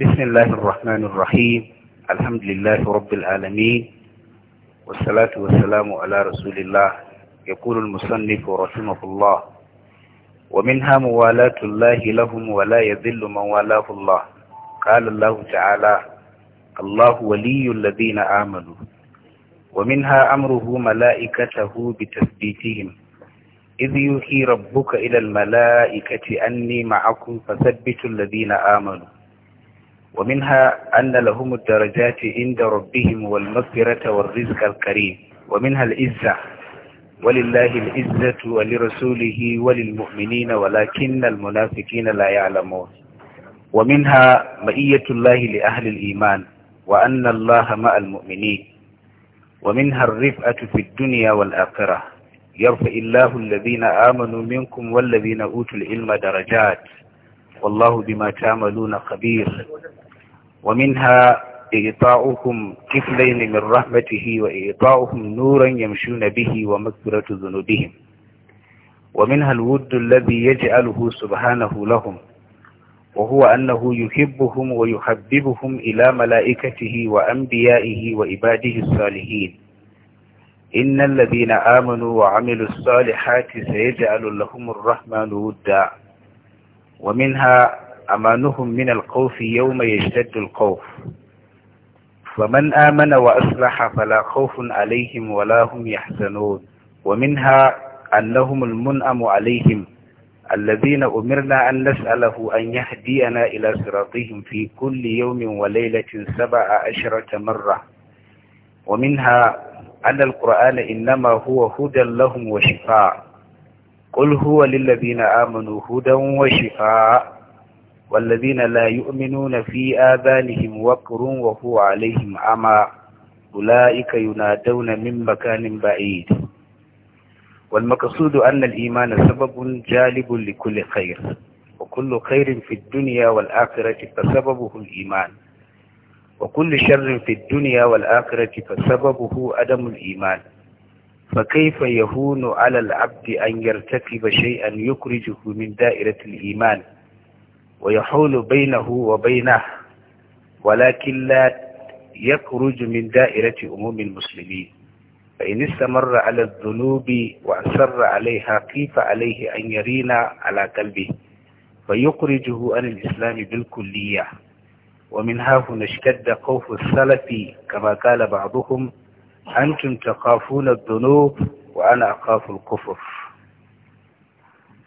بسم الله الرحمن الرحيم الحمد لله رب العالمين والصلاة والسلام على رسول الله يقول المصنف رحمه الله ومنها موالاة الله لهم ولا يذل من والاه الله قال الله تعالى الله ولي الذين آمنوا ومنها أمره ملائكته بتثبيتهم إذ يوحي ربك إلى الملائكة أني معكم فثبتوا الذين آمنوا ومنها أن لهم الدرجات عند ربهم والمغفرة والرزق الكريم ومنها العزة ولله العزة ولرسوله وللمؤمنين ولكن المنافقين لا يعلمون ومنها مئية الله لأهل الإيمان وأن الله مع المؤمنين ومنها الرفعة في الدنيا والآخرة يرفع الله الذين آمنوا منكم والذين أوتوا العلم درجات والله بما تعملون خبير ومنها إعطاؤهم كفلين من رحمته وإعطاؤهم نورا يمشون به ومغفرة ذنوبهم ومنها الود الذي يجعله سبحانه لهم وهو أنه يحبهم ويحببهم إلى ملائكته وأنبيائه وإباده الصالحين إن الذين آمنوا وعملوا الصالحات سيجعل لهم الرحمن ودا ومنها أمانهم من الخوف يوم يشتد الخوف فمن آمن وأصلح فلا خوف عليهم ولا هم يحزنون ومنها أنهم المنأم عليهم الذين أمرنا أن نسأله أن يهدينا إلى صراطهم في كل يوم وليلة سبع عشرة مرة ومنها أن القرآن إنما هو هدى لهم وشفاء قل هو للذين آمنوا هدى وشفاء والذين لا يؤمنون في آذانهم وقر وهو عليهم عمى أولئك ينادون من مكان بعيد والمقصود أن الإيمان سبب جالب لكل خير وكل خير في الدنيا والآخرة فسببه الإيمان وكل شر في الدنيا والآخرة فسببه عدم الإيمان فكيف يهون على العبد أن يرتكب شيئا يخرجه من دائرة الإيمان ويحول بينه وبينه ولكن لا يخرج من دائرة أموم المسلمين فإن استمر على الذنوب وأصر عليها كيف عليه أن يرينا على قلبه فيخرجه عن الإسلام بالكلية ومن ها هنا اشتد خوف السلف كما قال بعضهم أنتم تخافون الذنوب وأنا أخاف الكفر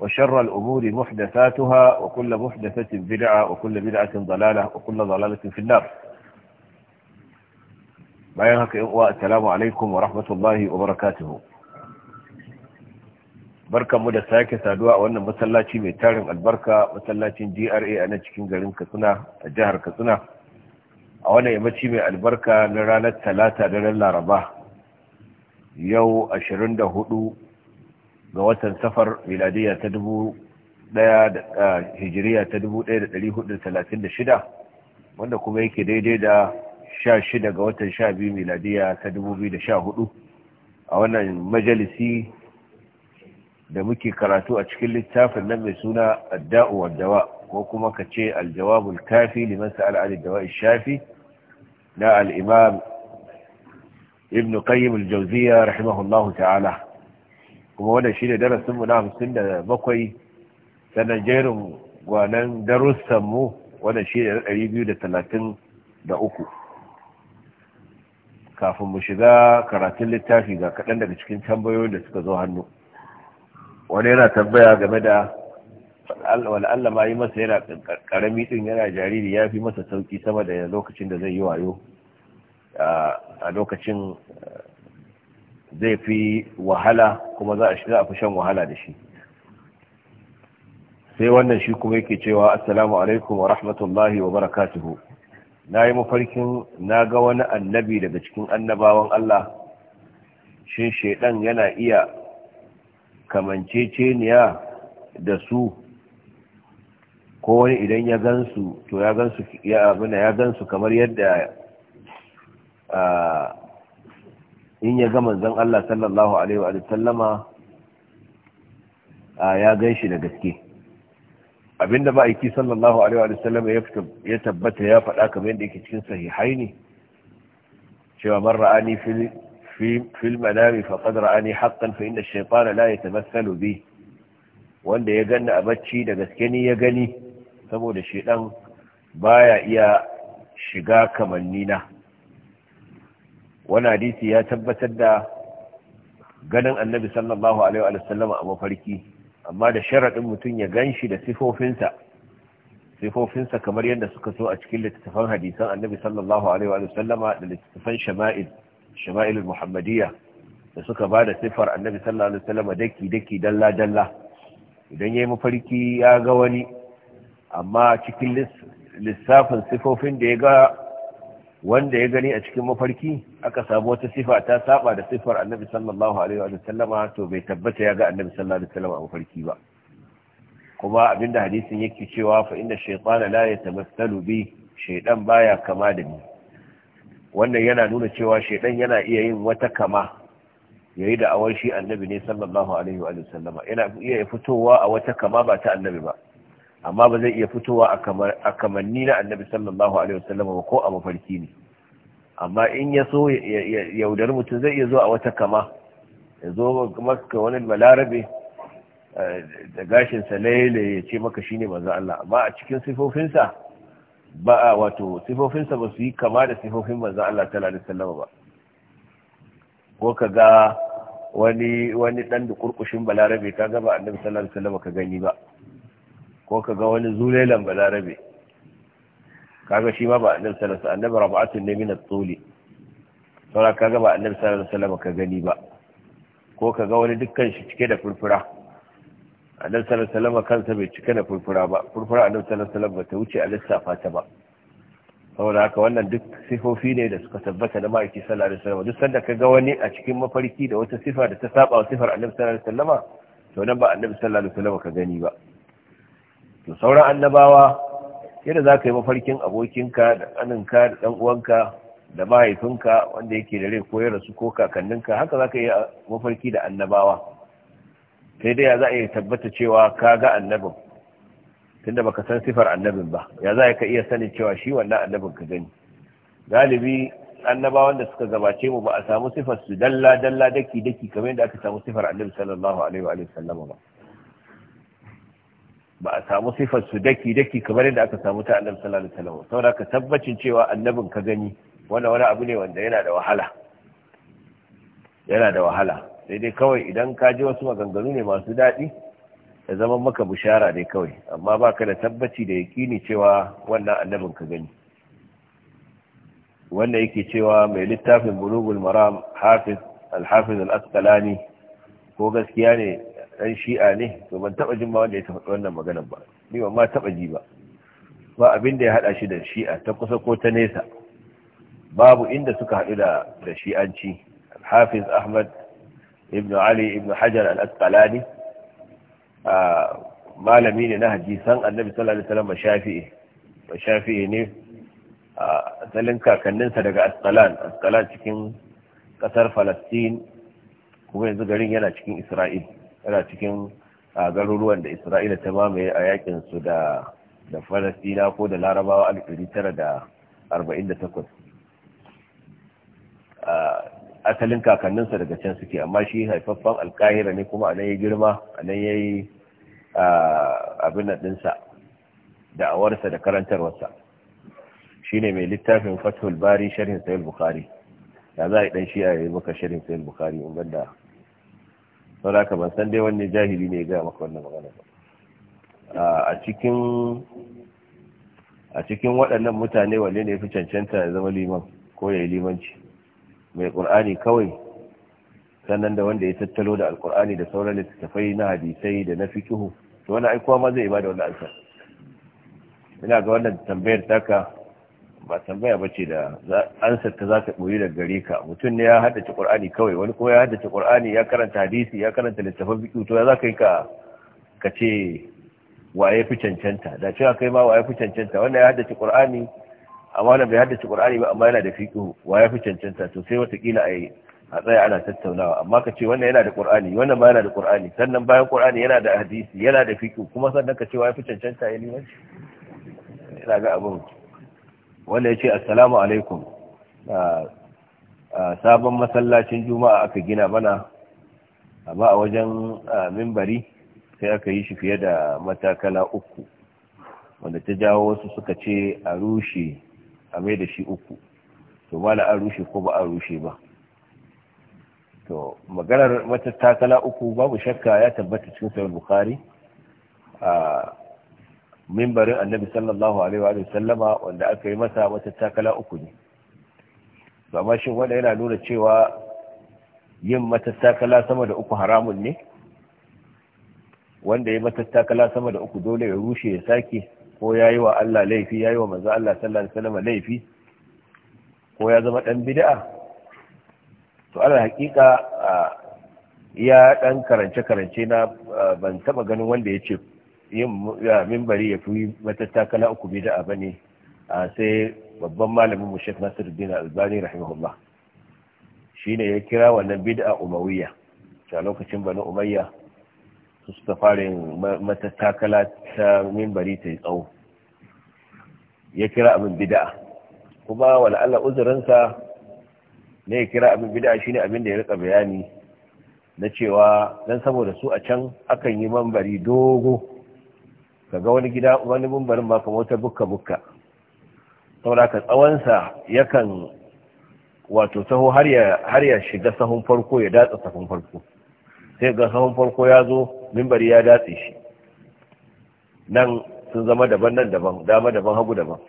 وشر الأمور محدثاتها وكل محدثة بدعة وكل بدعة ضلالة وكل ضلالة في النار bayan haka 'yan uwa assalamu alaikum wa rahmatullahi wa barakatuhu barkanmu da sake saduwa a wannan masallaci mai tarin albarka masallacin GRA a nan cikin garin Katsina a jihar Katsina a wannan yammaci mai albarka na ranar Talata da ran Laraba yau 24 ga watan safar miladiya ta dubu daya da hijiriya ta dubu daya da dari hudu talatin da shida wanda kuma yake daidai da sha shida ga watan sha biyu miladiya ta dubu biyu da sha hudu a wannan majalisi da muke karatu a cikin littafin nan mai suna adda'u waddawa ko kuma ka ce aljawabul kafi liman sa'al an dawa shafi na al-imam ibn qayyim al-jawziyya rahimahullahu ta'ala kuma wannan shine darasin mu na 57 sannan jerin gwanan darussan mu wannan shine 233 kafin mu shiga karatun littafi ga kaɗan daga cikin tambayoyin da suka zo hannu wani yana tambaya game da wal'alla ma yi masa yana ƙarami ɗin yana jariri ya fi masa sauƙi sama da lokacin da zai yi wayo a lokacin zai fi wahala kuma za a fi shan wahala da shi sai wannan shi kuma yake cewa assalamu alaikum wa rahmatullahi wa barakatuhu na yi mafarkin na ga wani annabi daga cikin annabawan Allah shin shaidan yana iya kamanceceniya da su ko wani idan ya gansu to ya gansu ya abuna ya gansu kamar yadda ah, in ya ga manzon Allah sallallahu alaihi wa sallama ya shi da gaske abinda ba aiki sallallahu alaihi wa sallama ya tabbata ya faɗa kamar yadda yake cikin sahihai ne cewa man ra'ani fil fil manami faqad ra'ani haqqan fa inna ash-shaytana la bi wanda ya ganni a bacci da gaske ni ya gani saboda shedan baya iya shiga kamannina. wani hadisi ya tabbatar da ganin annabi sallallahu alaihi wa sallama a mafarki amma da sharaɗin mutum ya gan shi da sifofinsa sifofinsa kamar yadda suka so a cikin littattafan hadisan annabi sallallahu alaihi wa sallama da littattafan shama'il shama'il muhammadiyya da suka ba da sifar annabi sallallahu alaihi wa sallama daki daki dalla dalla idan ya yi mafarki ya ga wani amma cikin lissafin sifofin da ya ga wanda ya gani a cikin mafarki aka samu wata sifa ta saba da sifar annabi sallallahu alaihi wa sallama to bai tabbata ya ga annabi sallallahu alaihi wa sallama a mafarki ba kuma abinda hadisin yake cewa fa inda shaytan la yatamassalu bi shaytan baya kama da ni wannan yana nuna cewa shaytan yana iya yin wata kama yayi da awanshi annabi ne sallallahu alaihi wa sallama yana iya fitowa a wata kama ba ta annabi ba amma ba zai iya fitowa a kamanni na annabi sallallahu alaihi wasallam ko a mafarki ne amma in ya so yaudar mutum zai iya zo a wata kama ya zo maka wani balarabe eh, da gashinsa laile ya ce maka shine manzo Allah amma a cikin sifofinsa ba a wato sifofinsa ba su yi kama da sifofin manzo Allah sallallahu alaihi wasallam ba ko ka ga wani wani dan da kurkushin balarabe ka ga ba annabi sallallahu alaihi wasallam ka gani ba ko ka ga wani zulelan balarabe kaga shi ma ba annabi sallallahu alaihi wasallam annabi rabatun ne min at-tuli ka kaga ba annabi sallallahu alaihi wasallam ka gani ba ko ka ga wani dukkan shi cike da furfura annabi sallallahu alaihi wasallam kansa bai cike da furfura ba furfura annabi sallallahu alaihi wasallam ba ta wuce a lissafa ta ba saboda haka wannan duk sifofi ne da suka tabbata da ma'aiki sallallahu alaihi wasallam duk sanda ka ga wani a cikin mafarki da wata sifa da ta saba wa sifar annabi sallallahu alaihi wasallam to nan ba annabi sallallahu alaihi wasallam ka gani ba to sauran annabawa yadda za ka yi mafarkin abokinka da ƙaninka da ɗan'uwanka da mahaifinka wanda yake da rai koyar su ko kakanninka haka za ka yi mafarki da annabawa sai dai za a iya tabbata cewa ka ga annabin tunda baka san sifar annabin ba ya za ka iya sanin cewa shi wannan annabin ka gani galibi annabawan da suka gabace mu ba a samu sifar su dalla dalla daki daki kamar yadda aka samu sifar annabi sallallahu alaihi wa sallam ba ba a samu sifar su daki daki kamar yadda aka samu ta annabi sallallahu alaihi wasallam saboda ka tabbacin cewa annabin ka gani wannan wani abu ne wanda yana da wahala yana da wahala sai dai kawai idan ka ji wasu maganganu ne masu daɗi ya zama maka bushara dai kawai amma baka da tabbaci da yaƙini cewa wannan annabin ka gani wanda yake cewa mai littafin bulugul maram hafiz al-hafiz al-asqalani ko gaskiya ne Ɗan shi'a ne to ban taba jin ma wanda ya tafi wannan maganar ba ni ba ma taba ji ba ba abin da ya hada shi da shi'a ta kusa ko ta nesa babu inda suka hadu da da shi'anci hafiz ahmad ibn ali ibn hajar al-asqalani malami ne na hadisan annabi sallallahu alaihi wasallam shafi'i shafi'i ne asalin kakanninsa daga asqalan asqalan cikin kasar falastin kuma yanzu garin yana cikin isra'il yana cikin garuruwan da isra'ila ta mamaye a yakin su da da falastina ko da larabawa 1948 asalin kakanninsa daga can suke amma shi haifaffen alkahira ne kuma anan ya girma anan ya yi abin ɗinsa da'awarsa da karantarwarsa shi ne mai littafin fathul bari sharhin sayil bukari Da za a yi ɗan shi a yi maka sharhin sayil bukari in banda saboda ban san dai wanne jahili ne ga maka wannan magana ba a cikin a cikin waɗannan mutane wanne ne fi cancanta ya zama liman ko ya yi limanci mai ƙur'ani kawai sannan da wanda ya tattalo da alƙur'ani da sauran littattafai na hadisai da na fikihu to wani aikuwa ma zai ba da wani ina ga wannan tambayar taka ba tambaya ba ce da ansar ta za ta ɓoyi da gare ka mutum ne ya haddace ƙur'ani kawai wani kuma ya haddace ƙur'ani ya karanta hadisi ya karanta littafin biyu to ya za ka yi ka ce waye fi cancanta da cewa kai ma waye fi cancanta wanda ya haddace ƙur'ani amma wanda bai haddace ƙur'ani ba amma yana da fiƙo waye fi cancanta to sai watakila a yi a tsaya ana tattaunawa amma ka ce wannan yana da ƙur'ani wannan ma yana da ƙur'ani sannan bayan ƙur'ani yana da hadisi yana da fiƙo. kuma sannan ka ce waye fi cancanta ya limanci ina ga abin wanda ya ce assalamu alaikum sabon masallacin juma'a aka gina bana amma a wajen mimbari sai aka yi shi fiye da matakala uku wanda ta jawo wasu suka ce a rushe a mai da shi uku to mala an rushe ko ba an rushe ba to maganar matakala uku babu shakka ya tabbata cikin sayar bukari a mimbarin annabi sallallahu alaihi wa sallama wanda aka yi masa wata takala uku ne amma shin wanda yana nuna cewa yin matattakala sama da uku haramun ne wanda ya matattakala sama da uku dole ya rushe ya sake ko ya yi wa Allah laifi ya yi wa manzo Allah sallallahu alaihi wasallam laifi ko ya zama dan bid'a to Allah hakika ya dan karance karance na ban taba ganin wanda ya ce yin mimbari ya fi matattakala uku bid'a bane sai babban malamin mu Nasiru Nasiruddin Albani rahimahullah ne ya kira wannan bid'a umawiyya a lokacin Bani Umayya su suka fara yin matattakala ta mimbari ta yi tsawo ya kira abin bid'a kuma wa la'alla uzurinsa ne ya kira abin bid'a ne abin da ya rika bayani na cewa dan saboda su a can akan yi mambari dogo ga wani gida wani mumbarin maka kamar wata bukka bukka saboda ka tsawonsa yakan wato saho har ya shiga sahun farko ya datsa sahun farko sai ga sahun farko ya zo mimbari ya datse shi nan sun zama daban nan daban dama daban hagu daban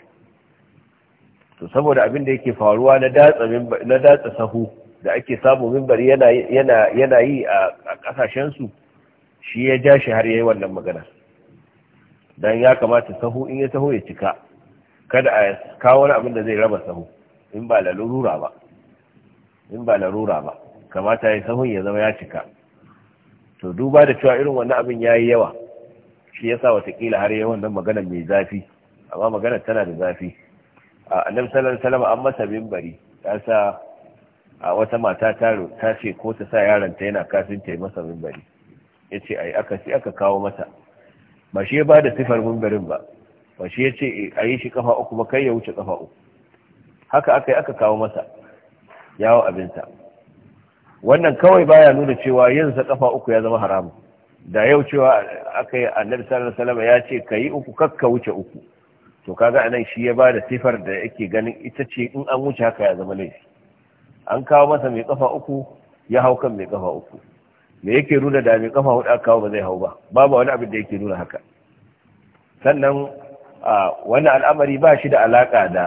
to saboda abin da yake faruwa na datsa na datsa sahu da ake samu mimbari yana yana yana yi a kasashen su shi ya ja shi har yayi wannan magana dan ya kamata sahu in ya taho ya cika kada a kawo wani abin da zai raba sahu in ba larura ba in ba larura ba kamata ya sahun ya zama ya cika to duba da cewa irin wannan abin yayi yawa shi yasa watakila har yayi wannan magana mai zafi amma magana tana da zafi annabi sallallahu alaihi wasallam an masa bimbari. ya sa a wata mata ta ce ko ta sa yaron ta yana kafin ta yi masa minbari yace ai aka sai aka kawo masa. ba shi ya ba da sifar mumbarin ba ba shi ya ce a yi shi kafa uku ba kai ya wuce kafa uku haka aka yi aka kawo masa yawo abinta wannan kawai baya nuna cewa yin sa kafa uku ya zama haramu. da yau cewa aka yi annabi sallallahu alaihi wasallam ya ce kai uku kakka wuce uku to kaga anan shi ya ba da sifar da yake ganin ita ce in an wuce haka ya zama laifi an kawo masa mai kafa uku ya hau kan mai kafa uku me yake nuna da mai kafa hudu kawo ba zai hau ba babu wani abin da yake nuna haka sannan wani al'amari ba shi da alaka da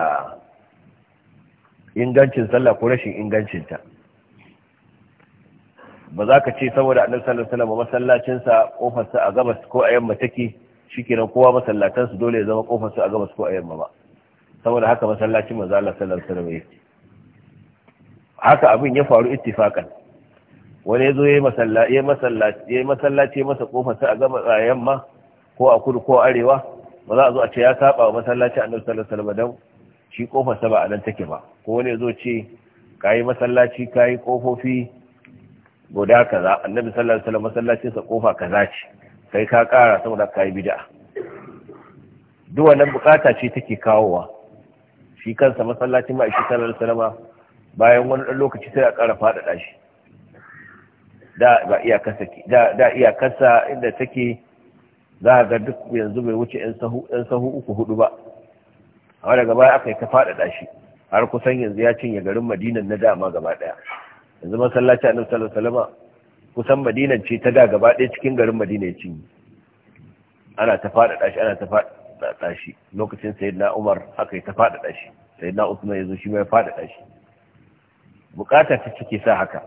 ingancin sallah ko rashin ingancinta ba za ka ce saboda annabi sallallahu alaihi wasallam masallacinsa kofarsa a gabas ko a yamma take shikenan kowa masallatansu dole ya zama kofarsa a gabas ko a yamma ba saboda haka masallacin manzo Allah sallallahu alaihi wasallam yake haka abin ya faru ittifakan wani ya zo ya yi masallaci masa kofa sai a gaba a yamma ko a kudu ko arewa ba za a zo a ce ya saba wa masallaci a nan sallallahu don shi kofar sa ba a nan take ba ko wani ya zo ce ka yi masallaci ka yi kofofi guda kaza annabi sallallahu alaihi wasallam masallacin sa kofa kaza ce kai ka kara saboda kayi bid'a duk wannan bukata ce take kawowa shi kansa masallacin ma shi sallallahu alaihi wasallam bayan wani dan lokaci sai a kara faɗaɗa shi da ba iyakarsa da inda take za ga duk yanzu bai wuce ‘yan sahu uku hudu ba a wadda gaba aka yi ta faɗaɗa shi har kusan yanzu ya cinye garin madinan na dama gaba ɗaya yanzu masallaci a nan salama kusan madinan ce ta da gaba ɗaya cikin garin madina ya cinye ana ta faɗaɗa shi ana ta faɗaɗa shi lokacin na umar aka yi ta faɗaɗa shi na usman yazo shi mai ya faɗaɗa shi bukata ta cike sa haka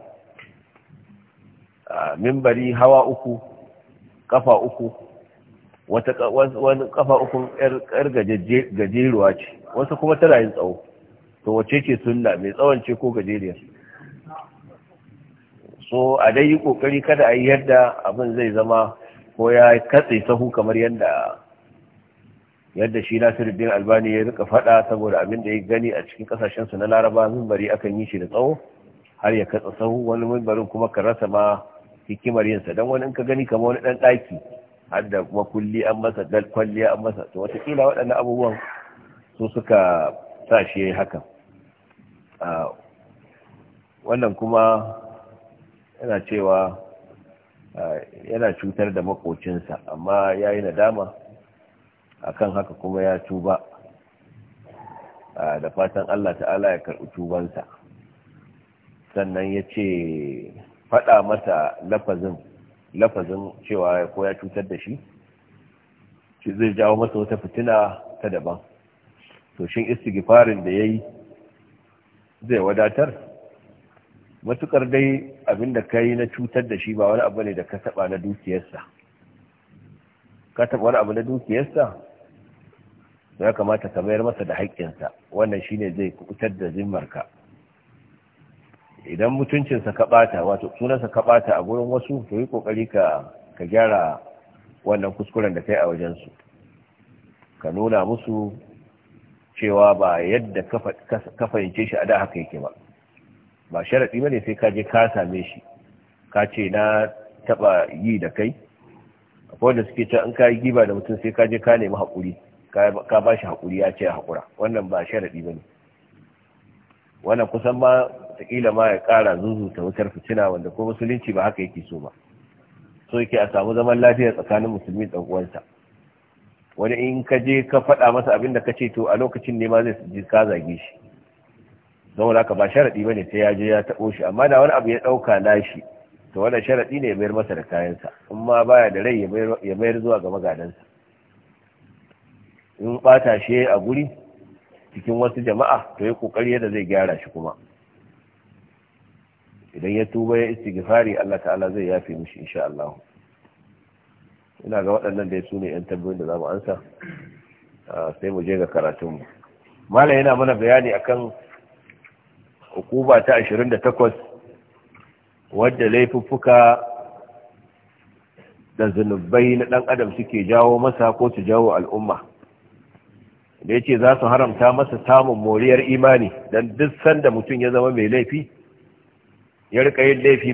mimbari hawa uku kafa uku wata kafa uku yar gajeruwa ce wasu kuma tana yin tsawo to wace ce sunna mai tsawon ce ko gajeriyar so a dai yi kokari kada a yi yadda abin zai zama ko ya katse sahu kamar yadda yadda shi bin albani ya rika fada saboda abin da ya gani a cikin kasashensu na laraba mimbari akan yi shi da tsawo har ya katsa sahu wani mimbarin kuma ka rasa ma hikimar yinsa don wani in ka gani kamar wani ɗan ɗaki har da makulli an masa dal kwalli an masa to watakila waɗannan abubuwan su suka sa shi ya yi hakan wannan kuma yana cewa yana cutar da makocinsa amma ya yi nadama A kan haka kuma ya tuba da fatan Allah ta'ala ya karɓi tubansa sannan ya ce faɗa masa lafazin lafazin cewa ya koya cutar da shi shi zai jawo masa wata fitina ta daban to shin istighfarin da yayi zai wadatar matukar dai abinda kai na cutar da shi ba wani abu ne da ka taba na dukiyarsa ka taba wani abu na dukiyarsa ya kamata ka mayar masa da haƙƙinsa wannan shine zai kubutar da zimmarka idan mutuncinsa ka bata wato sunansa ka bata a gurin wasu to yi kokari ka ka gyara wannan kuskuren da kai a wajensu ka nuna musu cewa ba yadda ka fahimce shi a da haka yake ba ba sharaɗi ba ne sai ka je ka same shi ka ce na taɓa yi da kai akwai wanda suke ta in ka yi giba da mutum sai ka je ka nemi haƙuri ka ba shi haƙuri ya ce haƙura wannan ba sharaɗi ba ne wannan kusan ba. wataƙila ma ya kara ƙara ta wutar fitina wanda ko musulunci ba haka yake so ba so yake a samu zaman lafiya tsakanin musulmi da uwansa wani in ka je ka faɗa masa abin da ka ce to a lokacin ne ma zai ji ka zage shi don haka ba sharaɗi ba ne sai ya je ya taɓo shi amma da wani abu ya ɗauka nashi to wannan sharaɗi ne ya mayar masa da kayansa in ma baya da rai ya mayar zuwa ga magadansa in bata shi a guri cikin wasu jama'a to ya kokari yadda zai gyara shi kuma idan ya tuba ya istighfari Allah ta'ala zai yafi mishi insha Allah ina ga waɗannan da su ne yan tambayoyin da zamu ansa sai mu je ga karatun mu malam yana mana bayani akan hukuba ta 28 wadda laifuffuka da zunubai na ɗan adam suke jawo masa ko su jawo al'umma da ya za su haramta masa samun moriyar imani don duk sanda mutum ya zama mai laifi ya rika yin laifi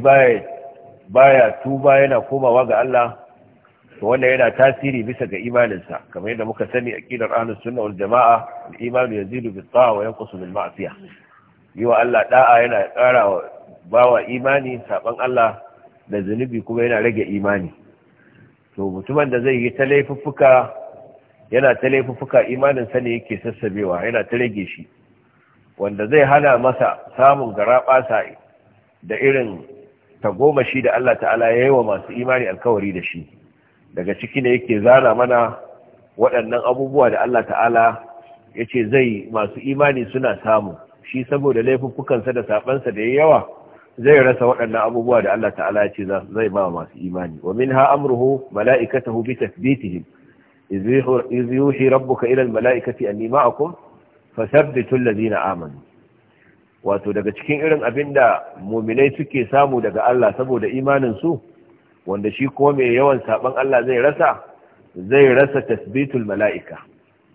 baya tuba yana komawa ga Allah to wanda yana tasiri bisa ga imaninsa kamar yadda muka sani a aqidar ahlus sunna wal jamaa al-iman yazidu bi ta'a wa yanqusu bil ma'siyah yi wa Allah da'a yana ƙara bawa imani saban Allah da zunubi kuma yana rage imani to mutumin da zai yi ta laifuffuka yana ta laifuffuka imanin sa ne yake sassabewa yana ta rage shi wanda zai hana masa samun garabasa da irin shi da Allah ta'ala ya yi wa masu imani alkawari da shi daga ciki ne yake zana mana waɗannan abubuwa da Allah ta'ala ya ce zai masu imani suna samu shi saboda laifuffukansa da saɓansa da ya yawa zai rasa waɗannan abubuwa da Allah ta'ala ya ce zai ba masu imani wa min ha amruhu mala'ikatahu bi tasbitihim iz yuhi rabbuka ila al mala'ikati anni ma'akum fasabbitu alladhina amanu wato daga cikin irin abin da muminai suke samu daga Allah saboda imaninsu wanda shi ko mai yawan saban Allah zai rasa zai rasa tasbitul mala'ika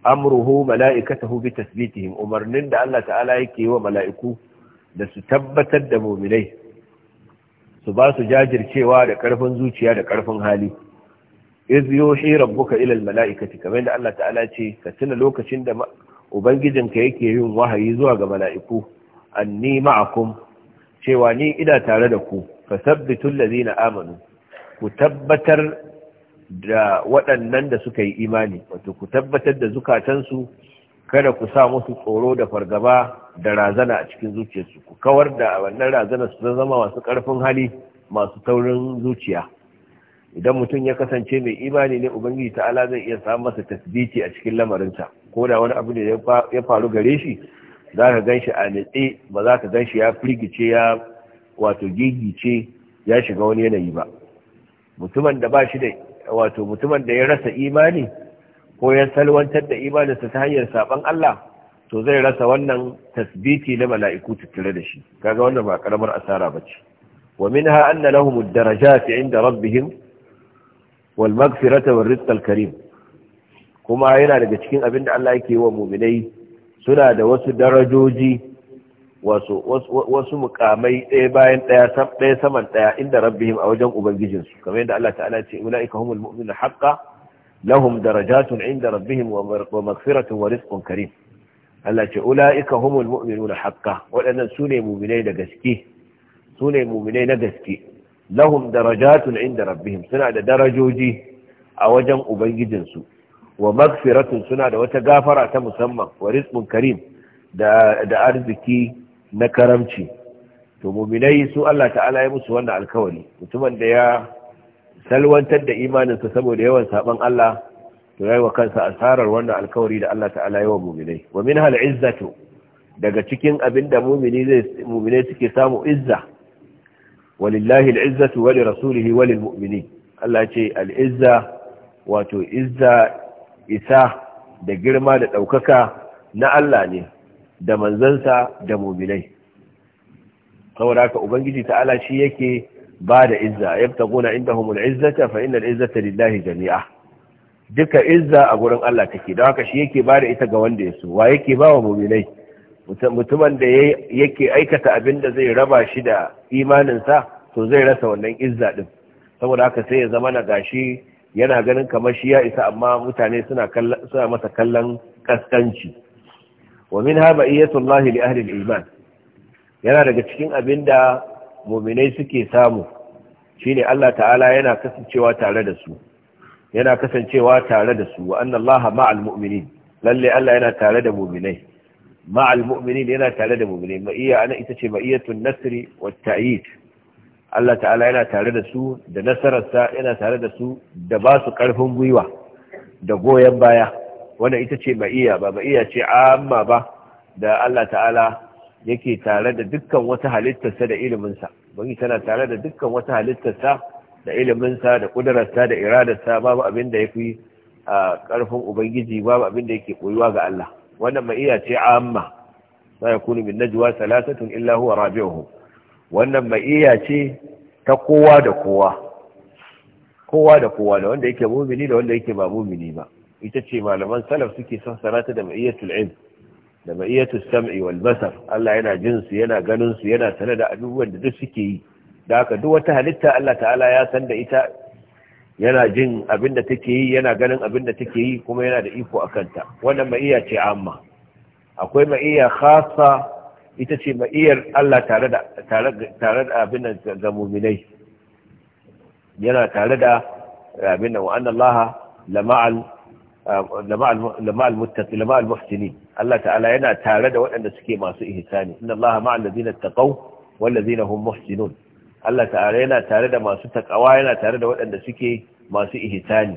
amruhu mala'ikatahu bi tasbitihim umarnin da Allah ta'ala yake yi wa mala'iku da su tabbatar da muminai su ba su jajircewa da karfin zuciya da karfin hali iz yuhi rabbuka ila al mala'ikati kamar da Allah ta'ala ce ka tuna lokacin da ubangijinka yake yin wahayi zuwa ga mala'iku anni ma'akum cewa ni ina tare da ku fasabbitul ladina amanu ku tabbatar da waɗannan da suka yi imani wato ku tabbatar da zukatansu kada ku sa musu tsoro da fargaba da razana a cikin zuciyarsu ku kawar da wannan razana su zama masu ƙarfin hali masu taurin zuciya idan mutum ya kasance mai imani ne ubangiji ta'ala zai iya samu masa tasbiti a cikin lamarinsa ko da wani abu ne ya faru gare shi za ka gan shi a nitse ba za ka gan shi ya firgice ya wato gigice ya shiga wani yanayi ba mutumin da ba shi da wato mutumin da ya rasa imani ko ya salwantar da imaninsa ta hanyar saban Allah to zai rasa wannan tasbiti na mala'iku tattare da shi kaga wannan ba karamar asara bace wa minha anna lahum ad-darajat 'inda rabbihim wal maghfirata war rizq al-karim kuma yana daga cikin abinda da Allah yake wa mu'minai suna da wasu darajoji wasu wasu mukamai ɗaya bayan ɗaya ɗaya saman ɗaya inda rabbihim a wajen ubangijinsu kamar yadda Allah ta'ala ce ulaika humul mu'minuna haqqan lahum darajatun inda rabbihim wa maghfiratun wa rizqun karim Allah ce ulaika humul mu'minuna haqqan waɗannan sune mu'minai da gaske sune mu'minai na gaske lahum darajatun inda rabbihim suna da darajoji a wajen ubangijinsu wa magfiratun suna da wata gafara ta musamman wa rizqun karim da da arziki na karamci to mu'minai su Allah ta'ala ya musu wannan alkawari mutumin da ya salwantar da imaninsa saboda yawan saban Allah to yayi wa kansa asarar wannan alkawari da Allah ta'ala ya wa mu'minai wa min minha al'izzatu daga cikin abinda mu'mini zai mu'minai suke samu izza walillahi al'izzatu wa lirasulihi wa lilmu'minin Allah ce al'izza wato izza isa da girma da ɗaukaka na Allah ne da manzansa da muminai saboda haka ubangiji ta'ala shi yake ba da izza inda indahumul izzata fa innal izzata lillahi jami'a duka izza a gurin Allah take don haka shi yake ba da ita ga wanda ya so wa yake ba wa muminai mutumin da yake aikata abin da zai raba shi da imaninsa to zai rasa wannan izza din saboda haka sai ya zama na gashi yana ganin kamar shi ya isa amma mutane suna suna masa kallon kaskanci wa min ha ba'iyatullahi li ahli al-iman yana daga cikin abinda mu'minai suke samu shine Allah ta'ala yana kasancewa tare da su yana kasancewa tare da su wa anna Allah ma'al mu'minin lalle Allah yana tare da mu'minai ma'al mu'minin yana tare da mu'minai ma'iya ana ita ce ma'iyatun nasri wat ta'yid Allah ta'ala yana tare da su da nasararsa yana tare da su da ba su ƙarfin gwiwa da goyon baya wanda ita ce ma'iya ba ma'iya ce amma ba da Allah ta'ala yake tare da dukkan wata halittarsa da iliminsa bangi tana tare da dukkan wata halittarsa da iliminsa da ƙudurarsa da iradarsa babu abin da ya fi ƙarfin ubangiji babu abin da yake koyuwa ga Allah wannan ma'iya ce amma ma yakunu min najwa thalathatun illa huwa rabi'uhum wannan ma'iyya ce ta kowa da kowa kowa da kowa da wanda yake mumini da wanda yake ba mumini ba ita ce malaman salaf suke son sanata da ma'iyyatul ilm da ma'iyyatul sam'i wal basar Allah yana jin su yana ganin su yana tare da abubuwan da duk suke yi da haka duk wata halitta Allah ta'ala ya san da ita yana jin abin da take yi yana ganin abin da take yi kuma yana da iko a kanta wannan ma'iyya ce amma akwai ma'iyya khassa ita ce ma'iyar Allah tare da abin da ga muminai yana tare da abin da wa'an Allah lama'al muhtini Allah ta'ala yana tare da waɗanda suke masu ihsani inna Allah ma'al ladina taqaw wanda zina hum muhsinun Allah ta'ala yana tare da masu taqawa yana tare da waɗanda suke masu ihsani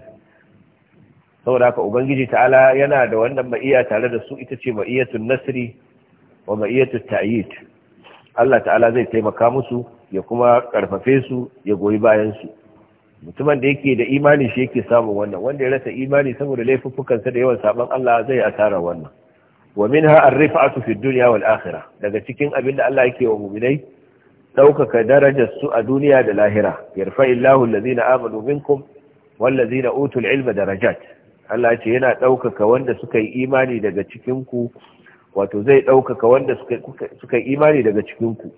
saboda haka ubangiji ta'ala yana da wannan ma'iya tare da su ita ce ma'iyatun nasri wa ma'iyatu Allah ta'ala zai taimaka musu ya kuma karfafe su ya goyi bayansu. mutumin da yake da imani shi yake samun wannan wanda ya rasa imani saboda laifuffukansa da yawan saban Allah zai asara wannan wa minha ar-rif'atu fi dunya wal akhirah daga cikin abin da Allah yake wa mu'minai daukaka darajar su a duniya da lahira yarfa'illahu allazina amanu minkum wallazina utul ilma darajat Allah ce yana daukaka wanda suka yi imani daga cikin ku wato zai ɗaukaka wanda suka yi imani daga cikinku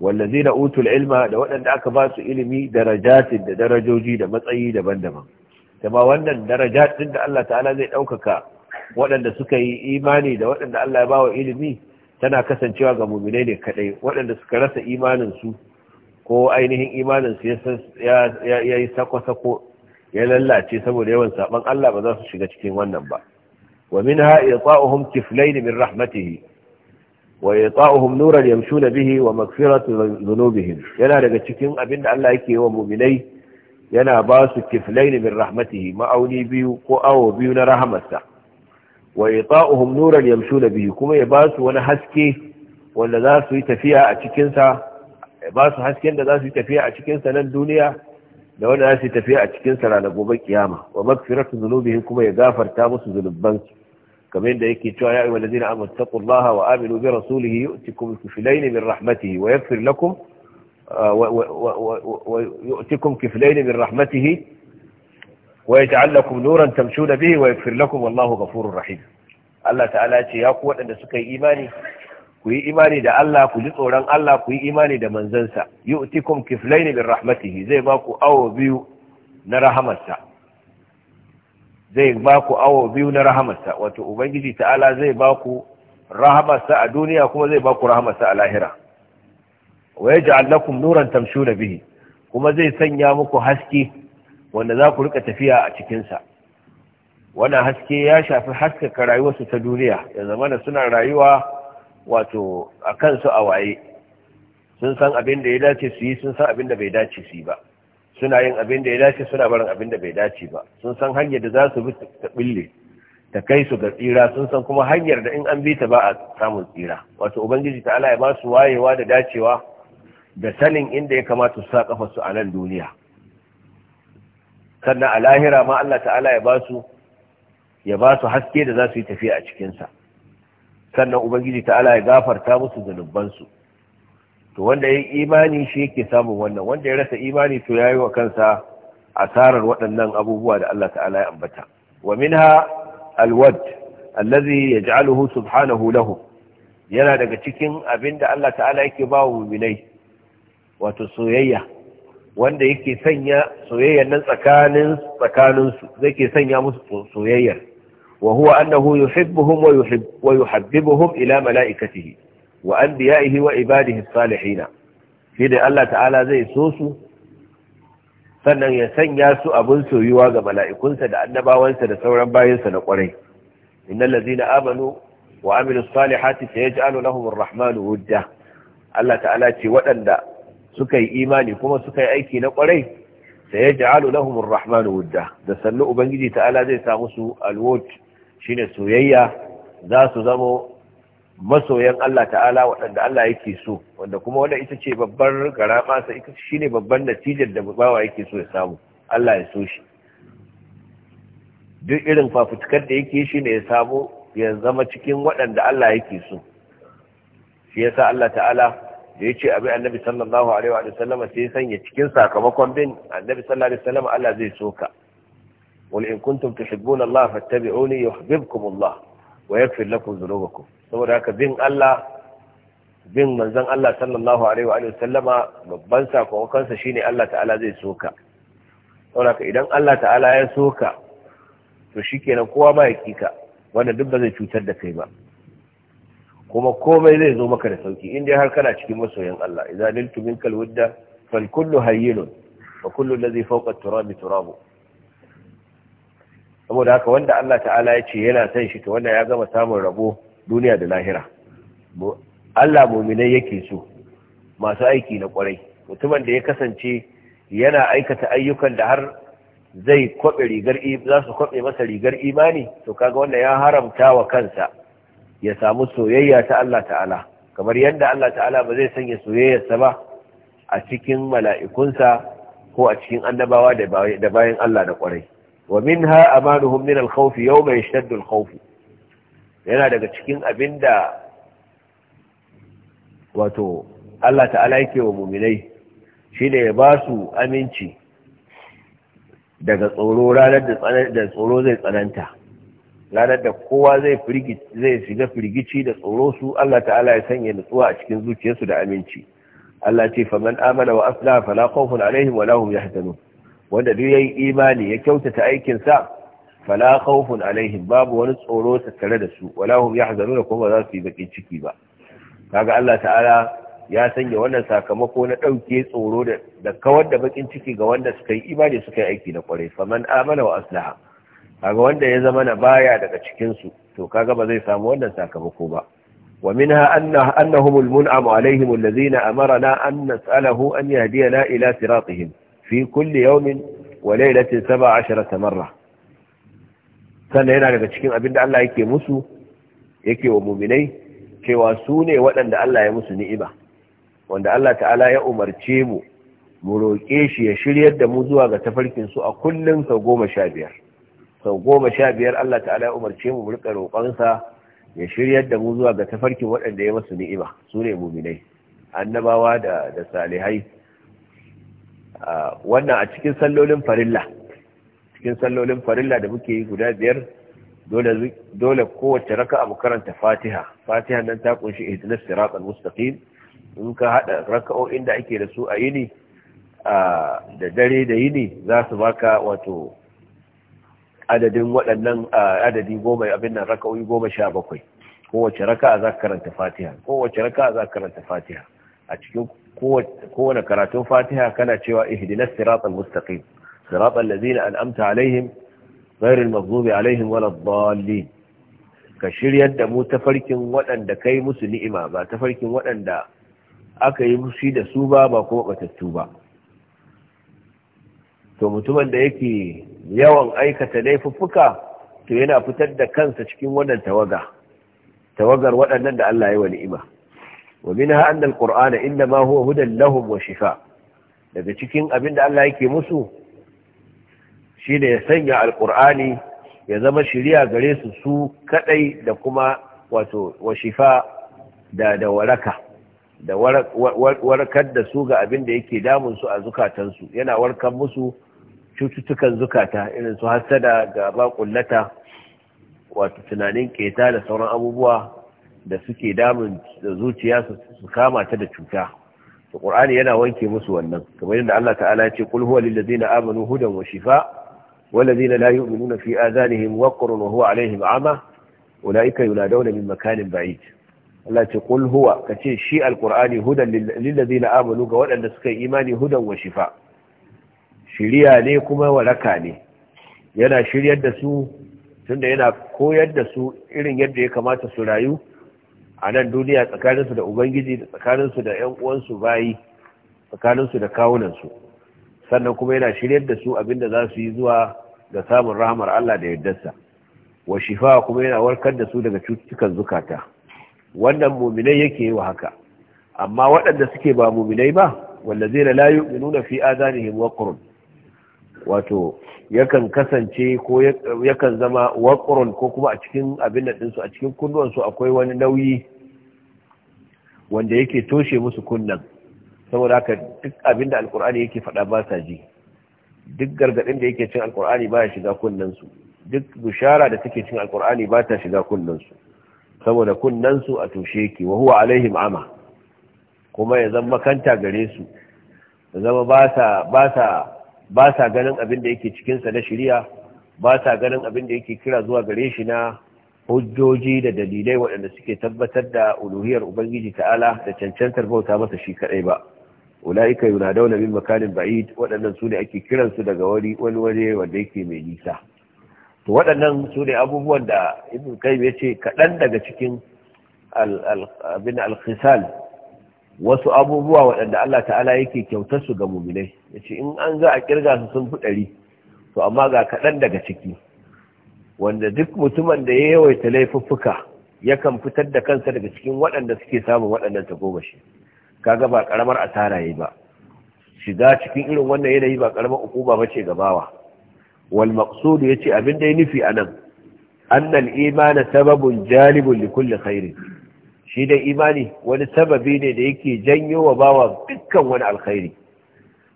wallazi na utul ilma da waɗanda aka ba su ilimi darajatin da darajoji da matsayi daban-daban kama wannan darajatin da Allah ta'ala zai ɗaukaka waɗanda suka yi imani da waɗanda Allah ya ba wa ilimi tana kasancewa ga muminai ne kaɗai waɗanda suka rasa imaninsu ko ainihin imaninsu ya yi sako-sako ya lallace saboda yawan saɓon Allah ba za su shiga cikin wannan ba. ومنها إعطاؤهم كفلين من رحمته وإعطاؤهم نورا يمشون به ومغفرة ذنوبهم yana daga cikin abinda da Allah yake wa mu'minai yana ba su kiflain min rahmatihi ma'auni biyu ko awo biyu na rahamarsa wa ya ba su wani haske wanda za su yi ya ba su hasken da za su yi tafiya a nan duniya da wanda za su yi tafiya a cikin sa gobe kiyama wa maghfiratu dhunubihim kuma ya gafarta musu zunubansu kamar yadda yake cewa ya ayyuhal ladina amanu taqullaha wa aminu bi rasulihi yu'tikum kiflayn min rahmatihi wa yaghfir lakum uh, wa yu'tikum kiflayn min rahmatihi wa yaj'al lakum nuran tamshuna bihi wa yaghfir lakum wallahu ghafurur rahim Allah ta'ala ya ce ya ku waɗanda suka yi imani ku yi imani da Allah ku ji tsoron Allah ku yi imani da manzansa yu'tikum kiflayn min rahmatihi zai ba ku awo biyu na rahamarsa zai ba ku awo biyu na rahamarsa wato ubangiji ta'ala zai ba ku rahamarsa a duniya kuma zai ba ku rahamarsa a lahira wa ja'al lakum nuran da bihi kuma zai sanya muku haske wanda za ku rika tafiya a cikinsa wannan haske ya shafi haskaka rayuwarsu ta duniya ya zamana suna rayuwa wato a kansu a waye sun san abin da ya dace su yi sun san abin da bai dace su yi ba suna yin abin da ya dace suna barin abin da bai dace ba sun san hanyar da za su bi ta bille ta kai su ga tsira sun san kuma hanyar da in an bi ta ba a samun tsira wato ubangiji ta ala ya ba su wayewa da dacewa da sanin inda ya kamata su sa kafa su a nan duniya sannan a lahira ma Allah ta'ala ya ba su ya ba su haske da za su yi tafiya a cikinsa sannan ubangiji ta'ala ya gafarta musu zunubansu to wanda ya imani shi yake samun wannan wanda ya rasa imani to ya yi wa kansa asarar waɗannan abubuwa da Allah ta'ala ya ambata wa minha alwad allazi yaj'aluhu subhanahu lahu yana daga cikin abinda Allah ta'ala yake ba wa mu'minai wato soyayya wanda yake sanya soyayya nan tsakanin tsakanin su sanya musu soyayyar wa huwa annahu yuhibbuhum wa yuhibbuhum ila mala'ikatihi wa anbiya'ihi wa ibadihi Salihina. Shi da Allah ta'ala zai so su sannan ya sanya su abin soyuwa ga mala'ikunsa da annabawansa da sauran bayansa na kwarai innal ladzina amanu wa amilus salihati sayaj'alu lahum ar-rahmanu wudda Allah ta'ala ce waɗanda suka yi imani kuma suka yi aiki na kwarai sayaj'alu lahum ar-rahmanu wudda da sannu ubangiji ta'ala zai sa musu alwud shine soyayya za su zamo masoyan Allah ta'ala waɗanda Allah yake so wanda kuma wanda ita ce babbar garama sa ita shine babban natijar da bawa yake so ya samu Allah ya so shi duk irin fafutukar da yake shine ya samu ya zama cikin waɗanda Allah yake so shi yasa Allah ta'ala da ya ce abin annabi sallallahu alaihi wa sallama sai ya sanya cikin sakamakon bin annabi sallallahu alaihi wa sallama Allah zai so ka wal in kuntum tuhibbuna Allah fattabi'uni yuhibbukum Allah wa yaghfir lakum dhunubakum saboda haka bin Allah bin manzon Allah sallallahu alaihi wa sallama babban sakamakonsa shine Allah ta'ala zai soka saboda haka idan Allah ta'ala ya soka to shikenan kowa ba ya kika wanda duk ba zai cutar da kai ba kuma komai zai zo maka da sauki in dai har kana cikin masoyan Allah idza niltu minkal wudda fal kullu hayyinun wa kullu allazi fawqa turabi turabu saboda haka wanda Allah ta'ala ya ce yana son shi to wanda ya gama samun rabo duniya da lahira Allah muminai yake so masu aiki na kwarai mutumin da ya kasance yana aikata ayyukan da har zai kwaɓe rigar za su kwaɓe masa rigar imani to kaga wanda ya haramta wa kansa ya samu soyayya ta Allah ta'ala kamar yadda Allah ta'ala ba zai sanya soyayyarsa ba a cikin mala'ikunsa ko a cikin annabawa da bayan Allah da kwarai wa minha amanuhum min al yau yawma yashtaddu al-khawf yana daga cikin abin da wato Allah ta'ala yake wa muminai shi ne ya ba su aminci daga tsoro ranar da tsoro zai tsananta ranar da kowa zai shiga firgici da tsoro su Allah ta'ala ya sanya nutsuwa a cikin zuciyarsu da aminci Allah ce faman amana wa aslaha fala khawfun alaihim wa lahum yahzanun wanda duk yayi imani ya kyautata aikin sa fala khawfun alaihim babu wani tsoro tare da su wala hum da kuma za su yi bakin ciki ba kaga Allah ta'ala ya sanya wannan sakamako na ɗauke tsoro da kawar da bakin ciki ga wanda suka yi imani suka yi aiki na kwarai faman amana wa aslaha kaga wanda ya zama na baya daga cikin su to kaga ba zai samu wannan sakamako ba ومنها أن أنهم المنعم عليهم الذين أمرنا أن نسأله أن يهدينا إلى صراطهم في كل يوم saba سبع عشرة مرة sannan yana daga cikin abin da Allah yake musu yake wa muminai cewa su ne waɗanda Allah ya musu ni'iba. wanda Allah ta'ala ya umarce mu mu roƙe shi ya shiryar da mu zuwa ga tafarkin a kullum sau goma sha biyar sau goma sha biyar Allah ta'ala ya umarce mu mu roƙonsa ya shiryar da mu zuwa ga tafarkin waɗanda ya musu ni'iba. su ne muminai annabawa da da salihai ah, wannan a cikin sallolin farilla cikin sallolin farilla da muke yi guda biyar dole kowace raka abu karanta fatiha fatiha nan ta kunshi ihdinas siratal mustaqim in ka hada raka'o'in da ake da su a yini da dare da yini za su baka wato adadin waɗannan adadi goma abin nan raka'o'i goma sha bakwai kowace raka'a za ka karanta fatiha kowace raka'a za ka karanta fatiha a cikin kowane karatun fatiha kana cewa ihdinas siratal mustaqim صراط الذين أنأمت عليهم غير المغضوب عليهم ولا الضالين ka shiryar da mu tafarkin waɗanda kai musu ni'ima ba tafarkin waɗanda aka yi musu da su ba ba kuma batattu ba to mutumin da yake yawan aikata laifuffuka to yana fitar da kansa cikin wannan tawagar waɗannan da Allah ya wa ni'ima wa minha anna alqur'ana inma huwa hudan lahum wa shifa daga cikin abin da Allah yake musu ne ya sanya Alƙur'ani ya zama shiriya gare su su kadai da kuma wato shifa da da waraka da warkar da su ga abin da yake damun su a zukatansu yana warkar musu cututtukan zukata irin su hasada ga bakullata wato tunanin keta da sauran abubuwa da suke damun da zuciya su kama ta da cuta to yana wanke musu wannan kamar yadda Allah ta'ala ya ce qul huwa lil amanu hudan wa shifa والذين لا يؤمنون في آذانهم وقر وهو عليهم عمى أولئك ينادون من مكان بعيد Allah ce kul huwa ka ce shi alkur'ani hudan lillazi na ga waɗanda suka yi imani hudan wa shifa ne kuma waraka ne yana shiryar da tunda yana koyar da su irin yadda ya kamata su rayu a nan duniya tsakaninsu da ubangiji tsakaninsu da 'yan uwansu bayi tsakaninsu da kawunansu sannan kuma yana shiryar da su abinda za su yi zuwa ga samun rahamar Allah da yardarsa wa shifa kuma yana warkar da su daga cututtukan zukata wannan muminai yake yi wa haka amma waɗanda suke ba muminai ba wallazina la yu'minuna fi adanihim waqrun wato yakan kasance ko yakan zama waqrun ko kuma a cikin abin din su a cikin su akwai wani nauyi wanda yake toshe musu kunnan saboda haka duk abinda alkur'ani yake fada ba sa ji duk gargadin da yake cin alkur'ani ba ya shiga kunnensu duk bushara da take cin alkur'ani ba ta shiga kunnensu saboda kunnensu a tushe yake wa huwa alaihim ama kuma ya zama makanta gare su ya zama ba sa ganin abin da yake cikinsa na shirya ba sa ganin abin da yake kira zuwa gare shi na hujjoji da dalilai waɗanda suke tabbatar da uluhiyar ubangiji ta'ala da cancantar bauta masa shi kaɗai ba ulaika yunadawna min makanin ba'id waɗannan su ake kiransu daga wani wani waje wanda yake mai nisa to waɗannan su abubuwan da ibn qayyim yace kadan daga cikin abin al-khisal wasu abubuwa waɗanda Allah ta'ala yake kyautar su ga muminai yace in an za a kirga su sun fi ɗari to amma ga kaɗan daga ciki wanda duk mutumin da ya yawaita laifuffuka yakan fitar da kansa daga cikin waɗanda suke samun waɗannan tagomashi kaga ba karamar asara ba shiga cikin irin wannan yanayi ba karamar ukuba bace gabawa wal maqsud yace abin da ya nufi anan annal imani sababun jalibun li kulli shi da imani wani sababi ne da yake janyo wa bawa dukkan wani alkhairi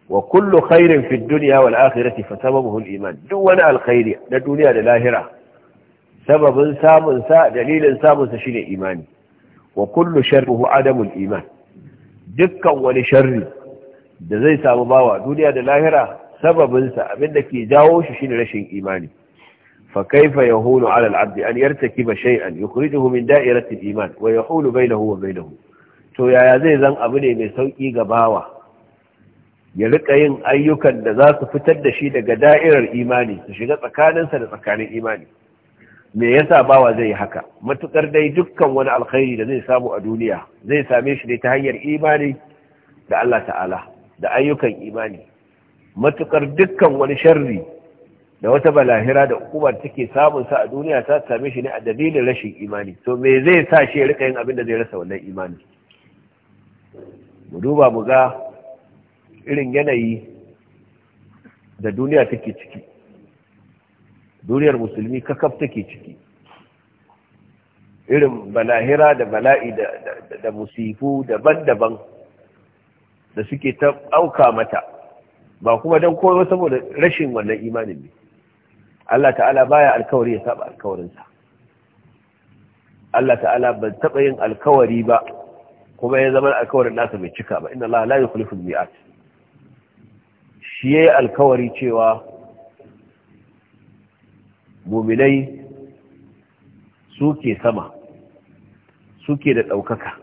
wa kullu khairin fi dunya wal akhirati fa sababuhu al iman duk wani alkhairi na duniya da lahira sababin samun sa dalilin samun sa shine imani wa kullu sharruhu adamul iman dukkan wani sharri da zai samu bawa duniya da lahira sababinsa abinda ke jawo shi shine rashin imani fa kaifa yahulu ala al-abd an yartakiba shay'an yukhrijuhu min da'irati al-iman wa yahulu bainahu wa bainahu to yaya zai zan abu ne mai sauki ga bawa ya rika yin ayyukan da za su fitar da shi daga da'irar imani su shiga tsakaninsa da tsakanin imani me yasa bawa zai yi haka matukar dai dukkan wani alkhairi da zai samu a duniya zai same shi ne ta hanyar imani da Allah ta'ala da ayyukan imani matukar dukkan wani sharri da wata balahira da hukumar take samun sa a duniya ta same shi ne a dalilin rashin imani to me zai sa shi ya rika yin abin da zai rasa wannan imani mu duba mu ga irin yanayi da duniya take ciki duniyar musulmi kakaf take ciki irin balahira da bala'i da musifu daban-daban da suke ta auka mata ba kuma don koyo saboda rashin wannan imanin ne Allah ta'ala baya alkawari ya saba alkawarinsa Allah ta'ala ban taɓa yin alkawari ba kuma ya zama alkawarin nasa mai cika ba inna Allah la yukhlifu al-mi'at shi yi alkawari cewa muminai suke sama suke da ɗaukaka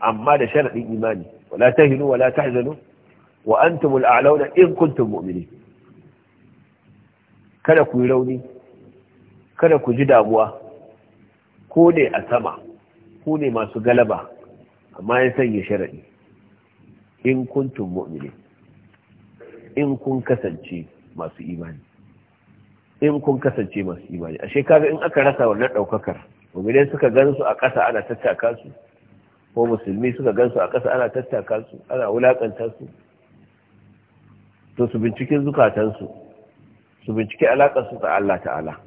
amma da sharaɗin imani wala tahinu wala tahzanu wa antumul a'launa in kuntum mu'minin kada ku yi rauni kada ku ji damuwa ko ne a sama ku ne masu galaba amma ya sanya sharaɗi in kuntum mu'minin in kun kasance masu imani in kun kasance masu imani ashe shekaru in aka rasa wannan ɗaukakar mu'minai suka gansu a ƙasa ana tattaka su ko musulmi suka gansu a ƙasa ana tattaka su ana wulaƙanta su to su binciki zukatansu su binciki alaƙarsu su da Allah ta'ala